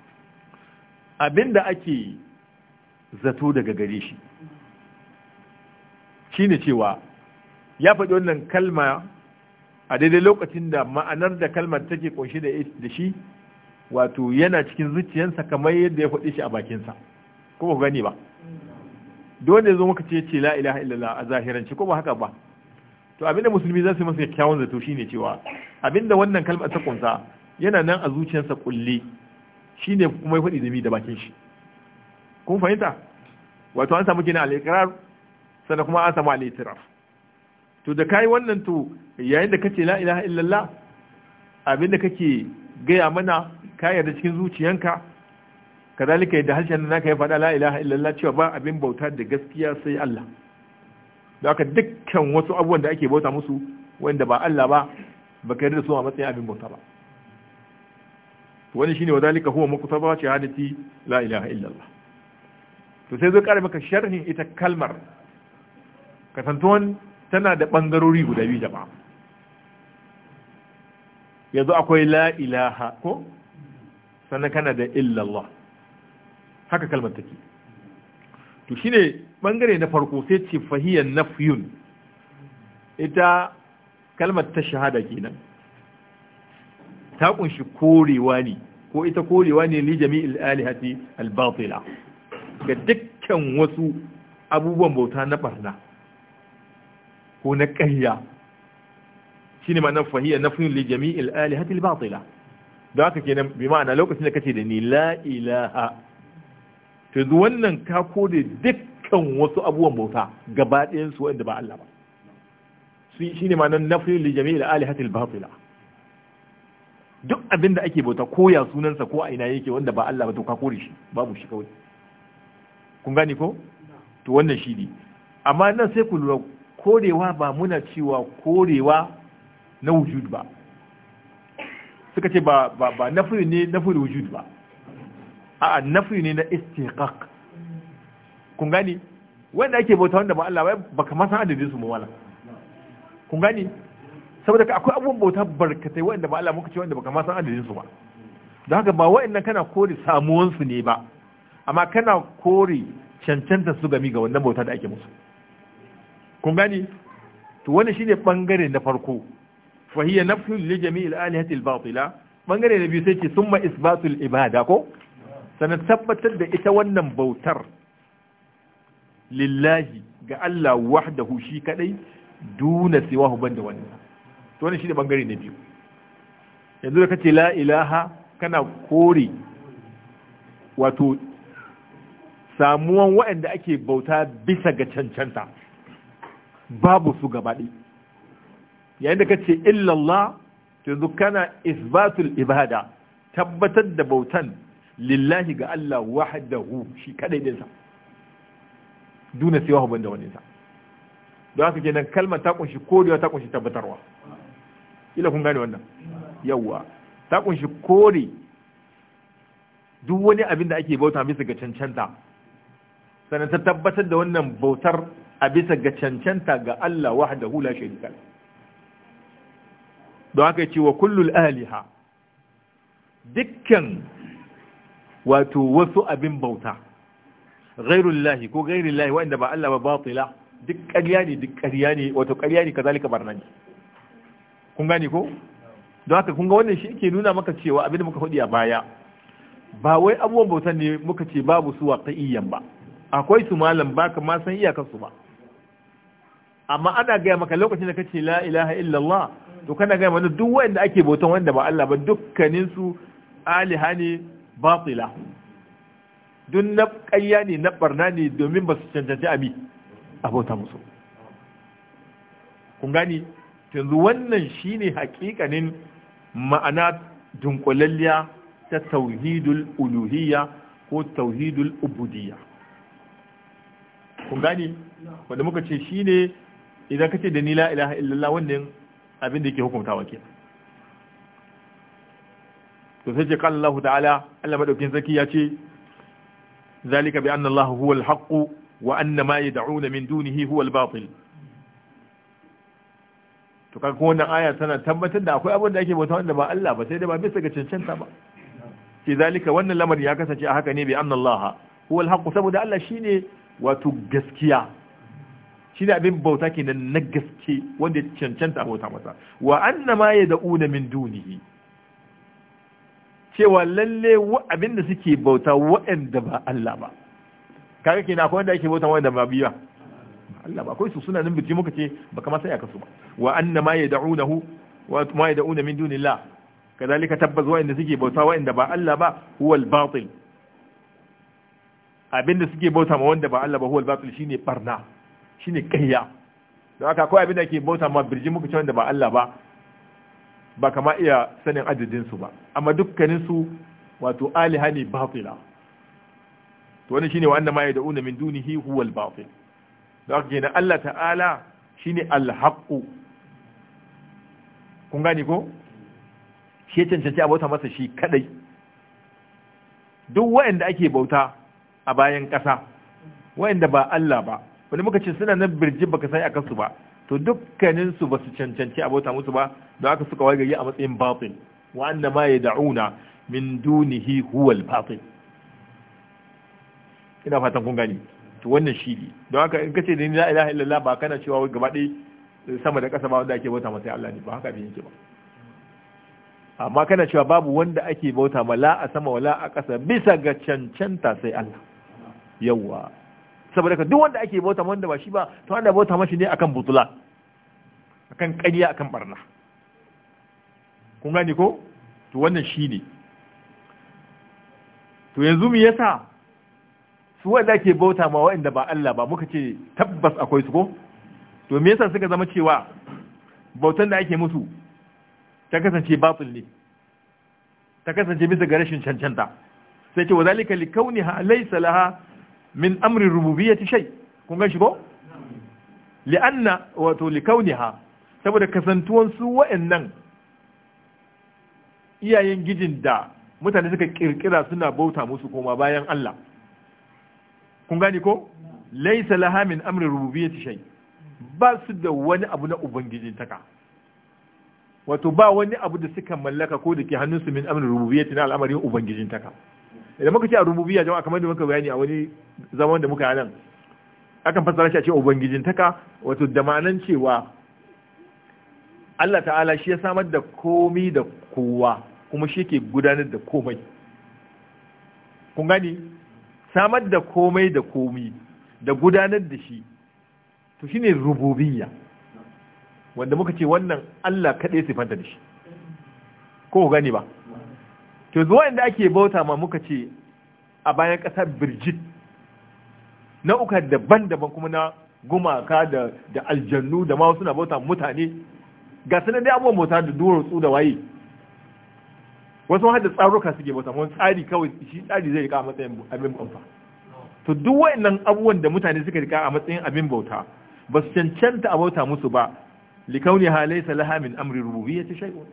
abinda ake zato daga gare shi shi ne cewa ya faɗi wannan kalma a daidai lokacin da ma'anar da kalmar take kunshi da shi wato yana cikin zuciyarsa kamar yadda ya faɗi shi a bakinsa ko ba gani ba ya zo muka ce ce la ilaha illallah a zahirance ko ba haka ba to abinda musulmi za su yi masa kyakkyawan zato shi ne cewa abinda wannan kalma ta kunsa yana nan a zuciyarsa kulle shine kuma ya faɗi zumi da bakin shi kun fahimta wato an samu kenan al-iqrar sannan kuma an samu al-itiraf to da kai wannan to yayin da kace la ilaha illallah abinda kake gaya mana ka yarda cikin zuciyanka kadalika da harshen naka ya faɗa la ilaha illallah cewa ba abin bauta da gaskiya sai Allah da haka dukkan wasu abubuwan da ake bauta musu wanda ba Allah ba baka yarda su a matsayin abin bauta ba wani shine wadalika huwa muqtaba shahadati la ilaha illallah to sai zai kare maka sharhin ita kalmar kasantuwan tana da bangarori guda biyu jama'a yanzu akwai la ilaha ko sannan kana da illallah haka kalmar take to shine bangare na farko sai ce fahiyan nafyun ita kalmar ta shahada kenan ta kunshi korewa ne ko ita korewa ne li jami'il alihati albatila ga dukkan wasu abubuwan bauta na barna ko na ƙarya shine ma nan fahiya nafin li jami'il alihati albatila da haka kenan bi ma'ana lokacin da kace da ni la ilaha to wannan ka kore dukkan wasu abubuwan bauta gaba ɗayan su wanda ba Allah ba shi ne ma'anar nafi li Ali alihatil batila duk abinda ake bauta koya sunansa ko a ina yake wanda ba Allah ba to ka kore shi babu shi kawai kun gane ko to wannan shi ne amma nan sai ku lura korewa ba muna cewa korewa na wujud ba suka ce ba ba ba nafi ne nafi wujud ba a'a nafi ne na istiqaq kun gane wanda ake bauta wanda ba Allah ba ba kamar san adadin su mu wala kun gani saboda ka akwai abubuwan bauta barkatai waɗanda ba Allah muka ce waɗanda baka ma san adadin su ba don haka ba waɗannan kana kore samuwan su ne ba amma kana kore cancanta su gami ga wannan bauta da ake musu kun gani to wannan shine bangare na farko fa hiya nafyu li jami'il alihati al bangare na biyu sai ce summa isbatul ibada ko sannan tabbatar da ita wannan bautar lillahi ga Allah wahdahu shi kadai duna huban da wani to wannan shine bangare na biyu yanzu da kace la ilaha kana kore wato samuwan waɗanda ake bauta bisa ga cancanta babu su gabaɗe yayin da kace illallah yanzu kana isbatul ibada tabbatar da bautan lillahi ga Allah wahdahu shi kadai dinsa duna siwahu da wani sa don haka kenan kalmar ta kunshi korewa ta kunshi tabbatarwa ila kun gane wannan yawwa ta kunshi kore duk wani abin da ake bauta bisa ga cancanta sannan ta tabbatar da wannan bautar a bisa ga cancanta ga Allah wahdahu la sharika don haka yace wa kullul aliha dukkan wato wasu abin bauta ghairullahi ko ghairillahi wanda ba Allah ba batila duk ƙarya ne duk ƙarya ne wato ƙarya ne kazalika barna ne kun gane ko don haka kun ga wannan shi ke nuna maka cewa abin da muka faɗi a baya ba wai abubuwan bautan ne muka ce babu su waqi'iyan ba akwai su malam ka ma san iyakar su ba amma ana gaya maka lokacin da kace la ilaha illallah to kana gaya mana duk wanda ake bautan wanda ba Allah ba dukkanin su aliha ne batila duk na ƙayya ne na barna ne domin ba su cancanci abi abota musu kun gani yanzu wannan shine hakikanin ma'ana dunkulalliya ta tauhidul uluhiyya ko tauhidul ubudiyya kun gani wanda muka ce shine idan kace da ni la ilaha illallah wannan abin da yake hukuntawa kenan to sai ce kan ta'ala Allah madaukin sarki ya ce zalika bi anna Allah huwa haqq wa anna ma yad'una min dunihi huwa al-batil to kaga wannan aya tana tabbatar da akwai abin da ake bauta wanda ba Allah ba sai dai ba bisa ga cancanta ba ke zalika wannan lamari ya kasance a haka ne bi anna Allah huwa al-haqq saboda Allah shine wato gaskiya shine abin bauta kenan na gaske wanda cancanta a bauta masa wa anna ma yad'una min dunihi cewa lalle abin da suke bauta waɗanda ba Allah ba kaga kenan akwai wanda yake bauta wanda ba biyu Allah ba akwai su suna nan biki muka ce baka ma sai aka su ba wa anna ma yad'unahu wa ma yad'un min dunillah kadalika tabbaz wa inda suke bauta wa inda ba Allah ba huwal batil abinda suke bauta ma wanda ba Allah ba huwal batil shine barna shine kayya don haka akwai abinda ke bauta ma birji muka ce wanda ba Allah ba ba kama iya sanin adadin su ba amma dukkanin su wato alihani batila to wannan shine wa ma ya yad'una min dunihi huwal batil da haka na Allah ta'ala shine al kun gane ko shi ya cancanci a bauta masa shi kadai duk waɗanda ake bauta a bayan ƙasa waɗanda ba Allah ba wani muka ce suna nan birji baka sai akan su ba to dukkanin su ba su cancanci a bauta musu ba da aka suka wagaye a matsayin batil ma ya da'una min dunihi huwal batil ina fatan kun gani to wannan shi ne don haka in kace ni la ilaha illallah ba kana cewa wai gaba ɗaya sama da ƙasa ba wanda ake bauta masa Allah ne ba haka abin yake ba amma kana cewa babu wanda ake bauta ma la a sama wala a ƙasa bisa ga cancanta sai Allah yawa saboda ka duk wanda ake bauta wanda ba shi ba to wanda bauta mashi ne akan butula akan ƙarya akan barna kun gani ko to wannan shi ne to yanzu me yasa su wanda ke bauta ma wa'anda ba Allah ba muka ce tabbas akwai su ko to me yasa suka zama cewa bautan da ake musu ta kasance batil ne ta kasance bisa ga rashin cancanta sai ce wazalika kauniha laysa laha min amri rububiyyati shay kun ga shi ko li'anna wato kauniha saboda kasantuwan su wa'annan iyayen gijin da mutane suka kirkira suna bauta musu koma bayan Allah kun gani ko laisa laha min amri rububiyyati shay ba su da wani abu na ubangiji taka wato ba wani abu da suka mallaka ko da ke su min amri rububiyyati na al'amarin ubangijin taka idan muka ce a rububiyya jama'a kamar da muka bayani a wani zaman da muka yi nan akan fassara shi a ce ubangijin taka wato da ma'anan cewa Allah ta'ala shi ya samar da komi da kowa kuma shi ke gudanar da komai kun gani samar da komai da komi da gudanar da shi to shine rububiyya wanda muka ce wannan Allah kaɗai sifanta da shi ko ku gani ba to zuwa inda ake bauta ma muka ce a bayan ƙasar birjit uka daban-daban kuma na gumaka da aljannu da ma suna bauta mutane ga sanar dai abubuwan bauta da duwar da waye wasu hada tsaruka suke bauta wani tsari kawai shi tsari zai rika a matsayin abin bauta to duk wayannan abubuwan da mutane suka rika a matsayin abin bauta ba su cancanta a bauta musu ba likauni halaysa laha min amri rububiyyati shay'un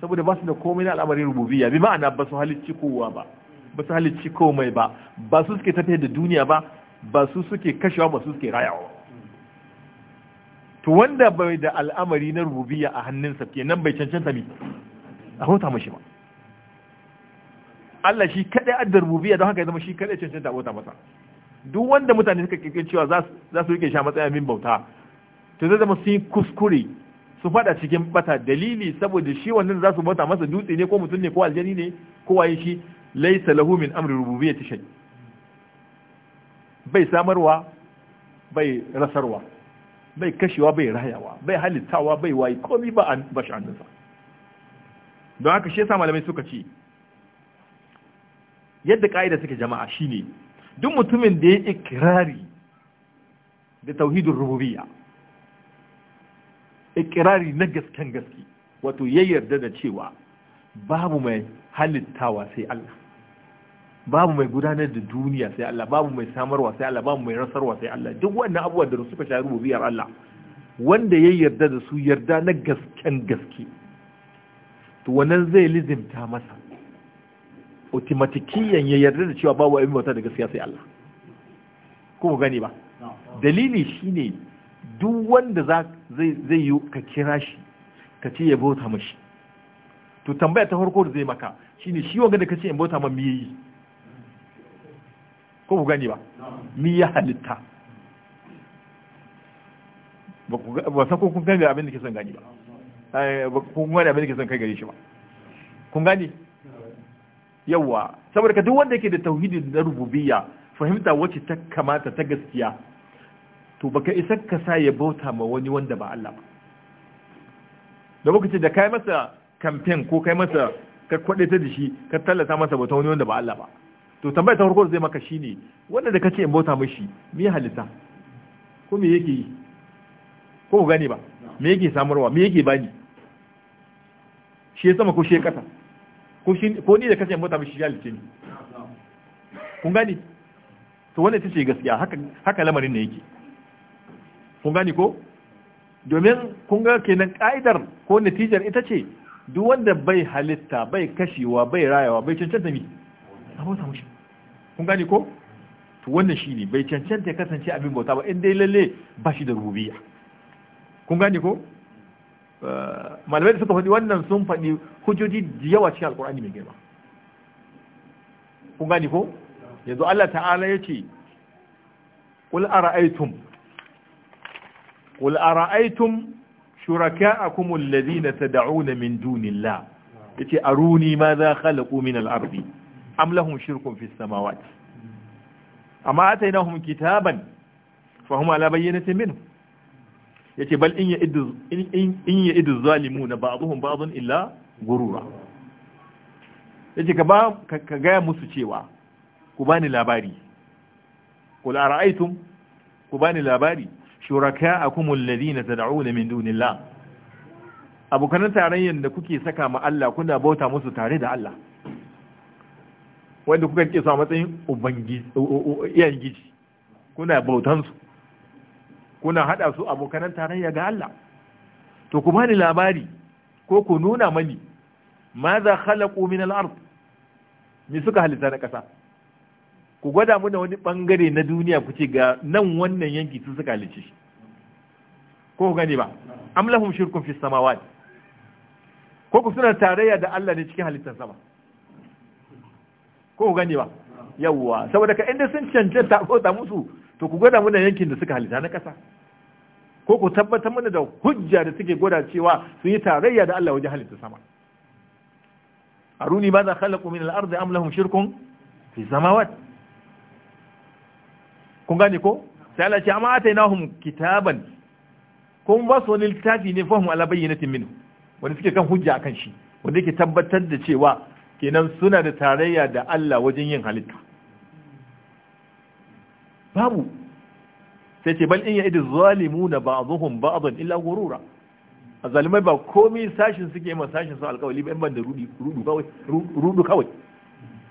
saboda ba su da komai na al'amarin rububiyya bi ma'ana ba su halicci kowa ba ba su halicci komai ba ba su suke tafiyar da duniya ba ba su suke kashewa ba su suke rayawa to wanda bai da al'amari na rububiyya a hannunsa kenan bai cancanta mi a bauta mashi ba Allah shi kadai addar rububiyya don haka ya zama shi kadai cancanta abota masa duk wanda mutane suka kirkir cewa za su rike sha matsayin min bauta to zai zama sun kuskure su fada cikin bata dalili saboda shi wannan za su bauta masa dutse ne ko mutum ne ko aljani ne ko waye shi laisa lahu min amri rububiyyati bai samarwa bai rasarwa bai kashewa bai rayawa bai halittawa bai wayi komai ba an bashi annansa don haka shi yasa malamai suka ce yadda ka'ida suke jama'a shine duk mutumin da ya ikirari da tauhidin rububiya, ikirari na gasken gaske wato ya yarda da cewa babu mai halittawa sai Allah babu mai gudanar da duniya sai Allah babu mai samarwa sai Allah babu mai rasarwa sai Allah duk wannan abubuwan da suka shafi rububiyar Allah wanda ya yarda da su yarda na gasken gaske to wannan zai lizimta masa otimatikiyan ya yarda da cewa babu abin bauta da gaskiya sai Allah ko gani ba dalili shine duk wanda zai zai yi ka kira shi ka ce ya bauta mashi to tambaya ta farko da zai maka shine shi wanda da kace in bauta ma me yi ko ku gani ba mi ya halitta ba san ko kun gani abin da ke son gani ba eh, ba kun gani abin da ke son kai gare shi ba kun gani yawa saboda ka duk wanda yake da tauhidi na rububiyya fahimta wacce ta kamata ta gaskiya to baka isa ka sa ya bauta ma wani wanda ba Allah ba da baka ce da kai masa campaign ko kai masa ka kwade ta da shi ka tallata masa bauta wani wanda ba Allah ba to tambaya ta farko zai maka shine wanda da kace in bauta mishi me halitta ko me yake yi ko gane ba me yake samarwa me yake bani shi ya sama ko shi ya kasa ko ni da kasance mota ba shi ya lice ni kun gani to wannan ita ce gaskiya haka haka lamarin ne yake kun gani ko domin kun ga kenan ka'idar ko natijar ita ce duk wanda bai halitta bai kashewa bai rayawa bai cancanta mi a mota mushi kun gani ko to wannan shi ne bai cancanta ya kasance abin bauta ba in dai lalle ba shi da rubiya kun gani ko Eh, malamai da suka faɗi wannan sun faɗi hujjoji da yawa cikin alkur'ani mai girma kun gani ko yanzu Allah ta'ala ya ce qul ara'aytum qul ara'aytum shuraka'akum alladhina tad'una min dunillah yace aruni ma za khalaqu min al-ardi am lahum shirkun fis samawati amma atainahum kitaban fa hum ala bayyinatin minhu yace bal in ya idu in ya ba'aduhun zalimuna ba'dhum illa gurura yace ka ba ka gaya musu cewa ku bani labari qul ara'aytum ku bani labari shuraka'akum alladhina tad'una min dunillah abokan tarayyan da kuke saka ma Allah kuna bauta musu tare da Allah wanda kuka kike su matsayin ubangiji iyayen kuna bautansu kuna haɗa su abokanan tarayya ga Allah to ku bani labari ko ku nuna mani ma za khalaqu min al-ard me suka halitta na ƙasa ku gwada mu da wani bangare na duniya ku ce ga nan wannan yanki su suka halice shi ko ku gani ba am shirkun fi samawat ko ku suna tarayya da Allah ne cikin halittar sama ko ku gani ba yawwa saboda ka inda sun cancanta ko ta musu to ku gwada mu da yankin da suka halitta na ƙasa ko ku tabbatar mana da hujja da suke gwada cewa su yi tarayya da Allah wajen halitta sama aruni ba za khalaqu min al-ardi am lahum shirkun fi samawat kun gane ko sai Allah ce amma atainahum kitaban kun ba su wani littafi ne fahim ala bayyinatin minhu wanda suke kan hujja akan shi wanda yake tabbatar da cewa kenan suna da tarayya da Allah wajen yin halitta babu sai ce bal in ya idin zalimuna ba'dhum ba'dan illa a zalimai ba komai sashin suke ma sashin su alkawali ba ban da rudu kawai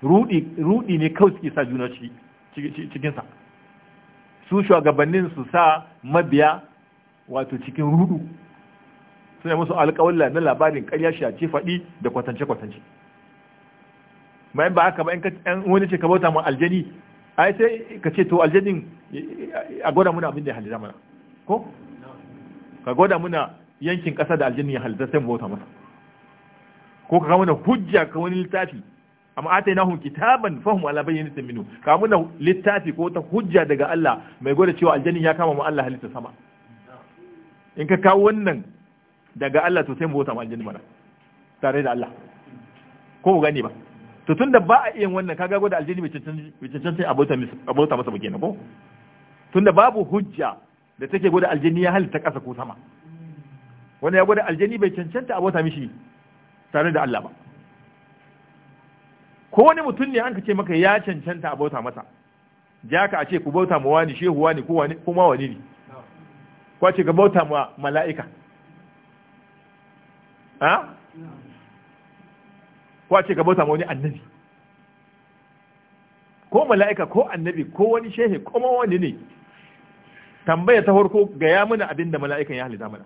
rudu ne kawai suke sa juna cikin sa su shugabannin su sa mabiya wato cikin rudu suna musu alkawalla na labarin karya shi a ce faɗi da kwatance kwatance bayan ba haka ba in wani ce ka bauta ma aljani ai sai ka ce to aljanin a gwada muna abin da ya halitta mana ko ka gwada muna yankin ƙasa da aljini ya halitta sai mu bauta masa ko ka kawo hujja ka wani littafi amma atainahum kitaban fahimu ala ta minu ka muna littafi ko ta hujja daga Allah mai gwada cewa aljini ya kama mu Allah halitta sama in ka kawo wannan daga Allah to sai mu bauta mu aljini mana tare da Allah ko ku gani ba to da ba a iya wannan kaga gwada aljini bai cancanci a bauta masa ba kenan ko tunda babu hujja da take gwada aljini ya halitta ƙasa ko sama wanda ya gwada aljini bai cancanta abota mishi tare da Allah ba ko wani mutum ne an ka ce maka ya cancanta abota masa ja ka a ce ku bauta ma wani shehu wani ko wani kuma wani ne ko ce ka bauta ma mala'ika ha ko ce ka bauta ma wani annabi ko mala'ika ko annabi ko wani shehe ko wani ne tambaya ta farko gaya mana abin da mala'ikan ya halitta mana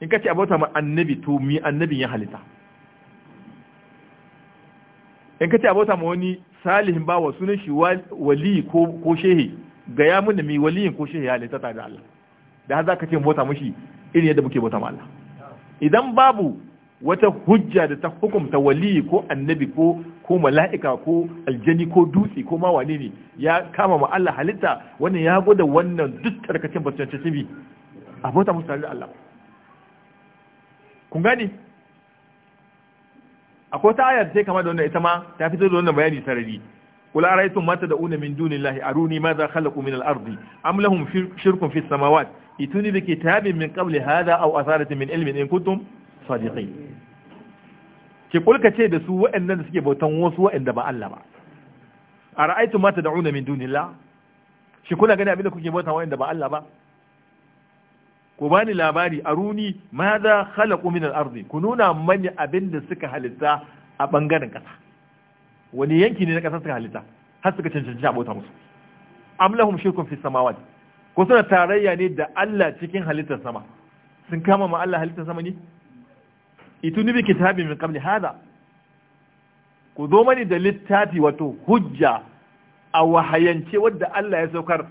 in ka ce abota ma annabi to mi annabin ya halitta in ka ce abota ma wani salihin bawa sunan shi wali ko shehi gaya mana mi waliyin ko shehi ya halitta ta da Allah da haza ka ce bota mushi irin yadda muke bota ma Allah idan babu wata hujja da ta hukumta wali ko annabi ko ko mala'ika ko aljani ko dutse ko ma wane ne ya kama ma Allah halitta wannan ya gwada wannan duk tarkacin ba su cancanci bi a bauta musu tare da Allah kun gani. akwai ta ayar sai kama da wannan ita ma ta fito da wannan bayani sarari Kula da قل أرأيتم ما تدعون من دون الله أروني ماذا خلقوا من الأرض أم لهم شرك في السماوات ائتوني بكتاب min قبل هذا أو أثارة min ilmin إن كنتم sadiqin ki kulkace da su waɗannan da suke bautan wasu waɗanda ba Allah ba a ra'aitu ma ta da'una min dunillah shi kuna gani abinda kuke bauta waɗanda ba Allah ba ku bani labari aruni ma za khalaqu min al-ardi ku nuna mani abinda suka halitta a bangaren kasa wani yanki ne na kasa suka halitta har suka cancanci a bauta musu am lahum shirkun fi samawat ko suna tarayya ne da Allah cikin halittar sama sun kama ma Allah halittar sama ne ituni bi kitabin min qabli hada ku zo mani da littafi wato hujja a wahayance wadda Allah ya saukar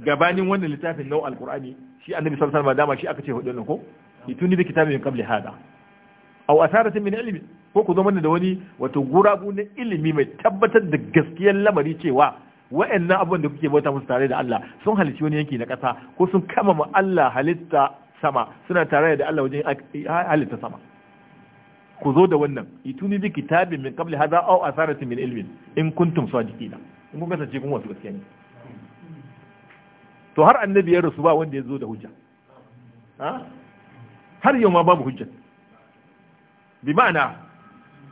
gabanin wannan littafin nau alqur'ani shi annabi sallallahu alaihi wasallam dama shi aka ce hudu ko ituni bi kitabin min qabli hada aw asaratin min ilmi ko ku zo mani da wani wato gurabu na ilimi mai tabbatar da gaskiyar lamari cewa wa'annan abubuwan da kuke bauta musu tare da Allah sun halici wani yanki na ƙasa ko sun kama ma Allah halitta sama suna tare da Allah wajen halitta sama ku zo da wannan ituni bi kitabin min qabli hadha aw asaratin min ilmin in kuntum sadiqina in kun kasance kun wasu gaskiya ne to har annabi ya rasu ba wanda ya zo da hujja har yau ma babu hujja bi ma'ana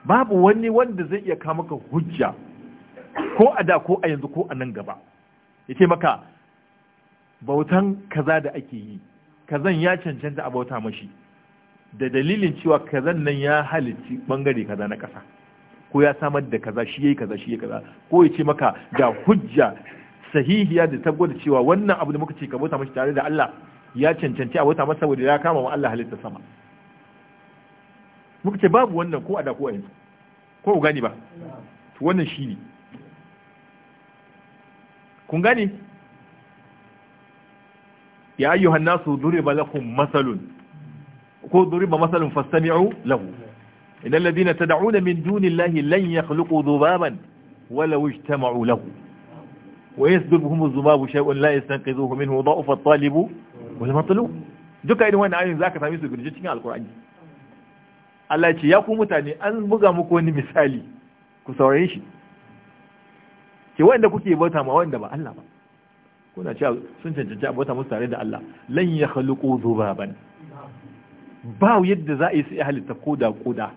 babu wani wanda zai iya kawo maka hujja ko a da ko a yanzu ko a nan gaba yace maka bautan kaza da ake yi kazan ya cancanta a bauta mashi da dalilin cewa kazan nan ya halici bangare kaza na ƙasa ko ya samar da kaza shi yayi kaza shi yayi kaza ko ya ce maka ga hujja sahihiya da ta gwada cewa wannan abu da muka ce ka bauta mashi tare da Allah ya cancanci a bauta masa saboda ya kama wa Allah halitta sama muka ce babu wannan ko a da ko a yanzu ko gani gane ba to wannan ne kun gane ya ayyuhan nasu duriba lakum masalun ko duriba masalun fastami'u lahu idan ladina tad'una min dunillahi lan yakhluqu dhubaban ولو اجتمعوا له ويسببهم الذباب شيء لا يستنقذوه منه ضعف الطالب والمطلوب duka irin wannan ayoyin zaka sami su gurje cikin alkur'ani Allah ce ya ku mutane an buga muku wani misali ku saurare shi ke wanda kuke bauta ma wanda ba Allah ba kuna cewa sun cancanci abota musu tare da Allah lan ya khaluqu zubaban ba yadda za a yi sai halitta koda koda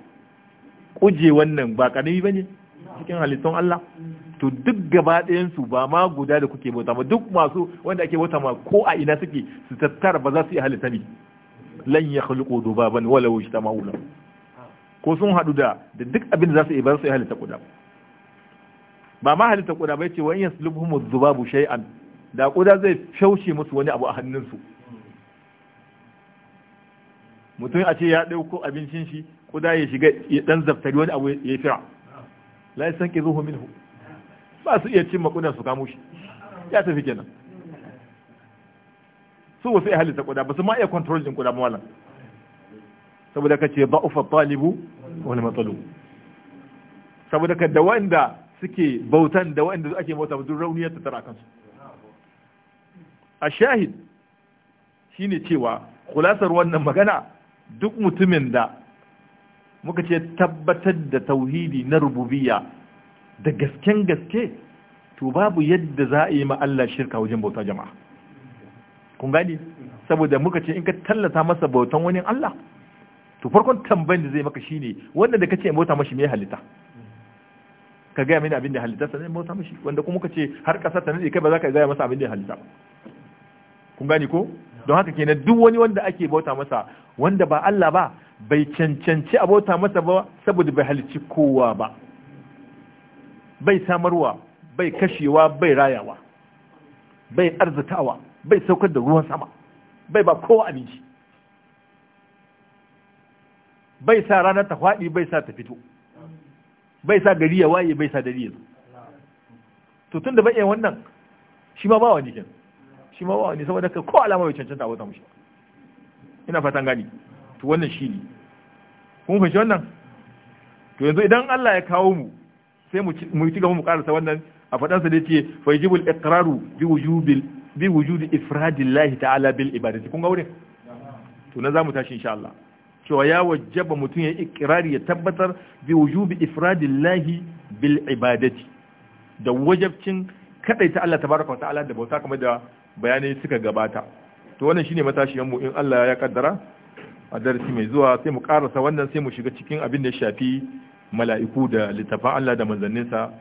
kuje wannan ba karami bane cikin halittun Allah to duk gaba ɗayan su ba ma guda da kuke bauta ba duk masu wanda ake bauta ma ko a ina suke su tattara ba za su yi halitta ne lan ya khaluqu dhubaban walau ijtama'u lahu ko sun haɗu da duk abin da za su yi ba su yi halitta koda ba ma halitta kuda ba ce wa in yaslubhum zubabu shay'an da kuda zai fyaushe musu wani abu a hannunsu mutum a ce ya ɗauko abincin shi kuda ya shiga ya ɗan zaftari wani abu ya fira lai san san zuhu minhu ba su iya cin makudan su kamo shi ya tafi kenan su wasu iya halitta kuda ba su ma iya kontrol din kuda mawalan saboda ka ce ba'ufa talibu wani matsalu saboda ka da wanda suke bautan da wanda ake bauta ba duk rauni ya tattara kansu a shahid shine cewa kulasar wannan magana duk mutumin da muka ce tabbatar da tauhidi na rububiya da gasken gaske to babu yadda za a yi ma Allah shirka wajen bauta jama'a kun gani saboda muka ce in ka tallata masa bautan wani Allah to farkon tambayin da zai maka shine wanda da ka ce bauta mashi me halitta ka gaya mini abin da halitta sanin bauta mashi wanda kuma ce har kasa ta nade kai ba za ka gaya masa abin da halitta kun gani ko don haka kenan duk wani wanda ake bauta masa wanda ba Allah ba bai cancanci a bauta masa ba saboda bai halicci kowa ba bai samarwa bai kashewa bai rayawa bai arzikawa bai saukar da ruwan sama bai ba kowa abinci bai sa ranar ta faɗi bai sa ta fito bai sa gari ya waye bai sa dare ya zo to tun da bai wannan shi ma ba wani kenan shi ma wani saboda ka ko alama bai cancanta abota mushi ina fatan gani to wannan shi ne kun fashe wannan to yanzu idan Allah ya kawo mu sai mu ci gaba mu karasa wannan a fadansa da yace fa yajibul iqraru bi wujubil bi wujudi ifradillahi ta'ala bil ibadati kun ga wurin to na zamu tashi insha Allah cewa ya wajaba mutum ya iqrari ya tabbatar bi wujubi ifradillahi bil ibadati da wajabcin kadaita Allah tabaraka wa ta'ala da bauta kamar da bayanai suka gabata to wannan shine matashiyanmu mu in Allah ya kaddara a darasi mai zuwa sai mu karasa wannan sai mu shiga cikin abin da ya shafi mala'iku da littafan Allah da manzanninsa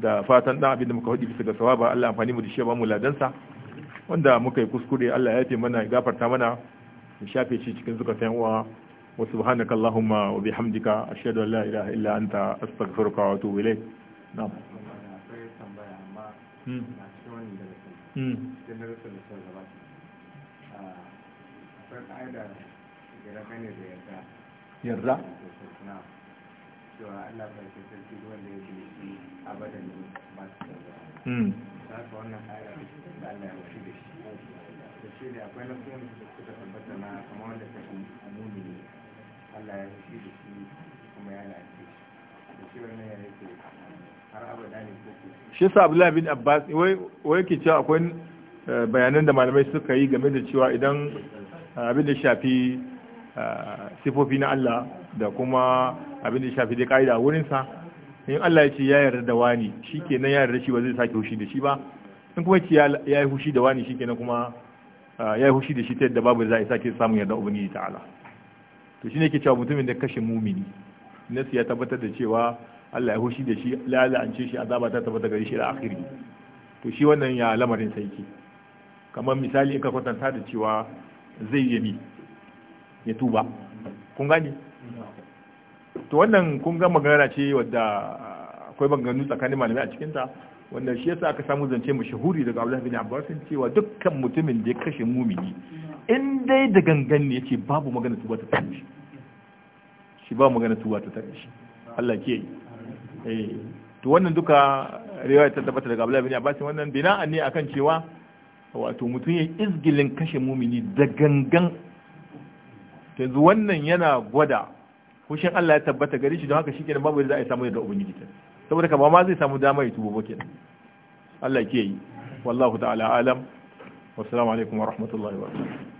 da fatan dan abin da muka hudi bisa ga sawaba Allah amfani mu da shi ba mu sa wanda muka yi kuskure Allah ya yafe mana gafarta mana ya shafe shi cikin zukatan uwa wa allahumma wa bihamdika ashhadu an la ilaha illa anta astaghfiruka wa atubu ilayk na'am cikin hmm. darussan da suka gabata ah, akwai ƙa'ida da gane da yarda yarda cewa Allah bai ke sarki wanda ya ke shi abadan ba su da za hmm. ka wannan ƙa'ida da Allah ya wuce da shi da shi ne akwai na sunan da suka tabbata na kamar wanda ta amuni Allah ya wuce da shi kuma ya lafiya shi sa abdullahi bin abbas wai ke cewa akwai eh, bayanan da malamai suka yi game da cewa idan eh, abin da shafi eh, sifofi na Allah da kuma abin da shafi da ka'ida wurinsa in Allah ya ce ya yarda da wani shi kenan ya yarda shi ba zai sake hushi da shi ba in kuma ce ya yi hushi da wani shi kenan kuma ya yi hushi da shi ta yadda babu za a sake samun yarda ubangiji ta'ala to shi ne ke cewa mutumin da kashe mumini nasi ya tabbatar da cewa Allah ya hushi da shi ce shi azaba ta tabbata gare shi da akhiri to shi wannan ya lamarin sai ke kamar misali in ka kwatanta da cewa zai yi ya tuba kun gane to wannan kun ga magana ce wadda akwai maganganu tsakanin malami a cikinta wanda shi yasa aka samu zance mashahuri daga Abdullah bin Abbas cewa dukkan mutumin da ya kashe mumini in dai da gangan ne yace babu magana tuba ta tashi shi ba magana tuwa ta tare shi Allah ke yi eh, to wannan duka riwaya ta tabbata daga Abdullahi bin Abbas wannan bina'an ne akan cewa wato mutum ya izgilin kashe mumini da gangan yanzu wannan yana gwada kushin Allah ya tabbata gare shi don haka shi kenan babu yadda za a samu da ubangiji ta saboda ka ba ma zai samu dama ya tubo ba kenan Allah ke yi wallahu ta'ala alam wassalamu alaikum wa rahmatullahi wa barakatuh